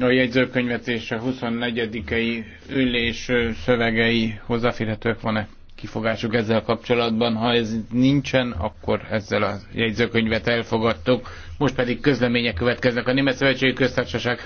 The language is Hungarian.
A jegyzőkönyvet és a 24-i ülés szövegei hozzáférhetőek van-e kifogásuk ezzel kapcsolatban? Ha ez nincsen, akkor ezzel a jegyzőkönyvet elfogadtuk. Most pedig közlemények következnek. A Német Szövetségi Köztársaság